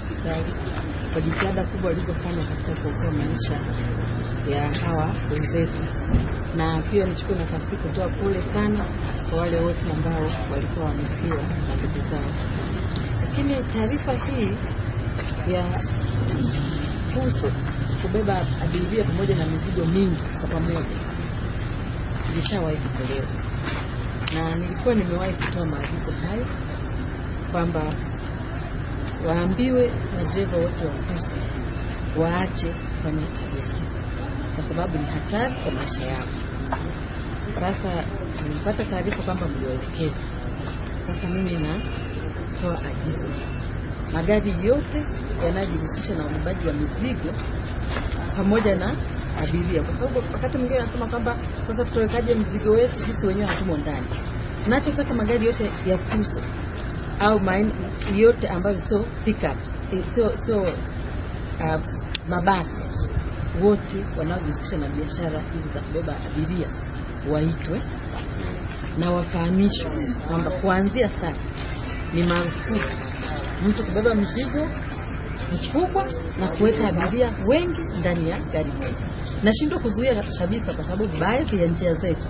hospitali kwa jitihada kubwa walizofanya katika kuokoa maisha ya hawa wenzetu, na pia nichukue nafasi kutoa pole sana kwa wale wote ambao walikuwa wamefiwa na ndugu zao. Lakini taarifa hii ya fuso kubeba abiria pamoja na mizigo mingi kwa pamoja ilishawahi kutolewa, na nilikuwa nimewahi kutoa maagizo hayo kwamba waambiwe madereva wote wa Urusi waache kufanya tabia hizi, kwa sababu ni hatari kwa maisha yao. Sasa nilipata taarifa kwamba mliwaelekeza. Sasa mimi natoa agizo, magari yote yanayojihusisha na ubebaji wa mizigo pamoja na abiria, kwa sababu wakati mwingine anasema kwamba sasa tutawekaje mzigo wetu sisi wenyewe hatumo ndani. Nachotaka magari yote ya fursa au main, yote ambayo sio pickup sio sio uh, mabasi wote wanaojihusisha na biashara hizi za kubeba abiria waitwe na wafahamishwe kwamba kuanzia sasa ni marufuku mtu kubeba mzigo mkubwa na kuweka abiria wengi ndani ya gari moja. Nashindwa kuzuia kabisa, kwa sababu baadhi ya njia zetu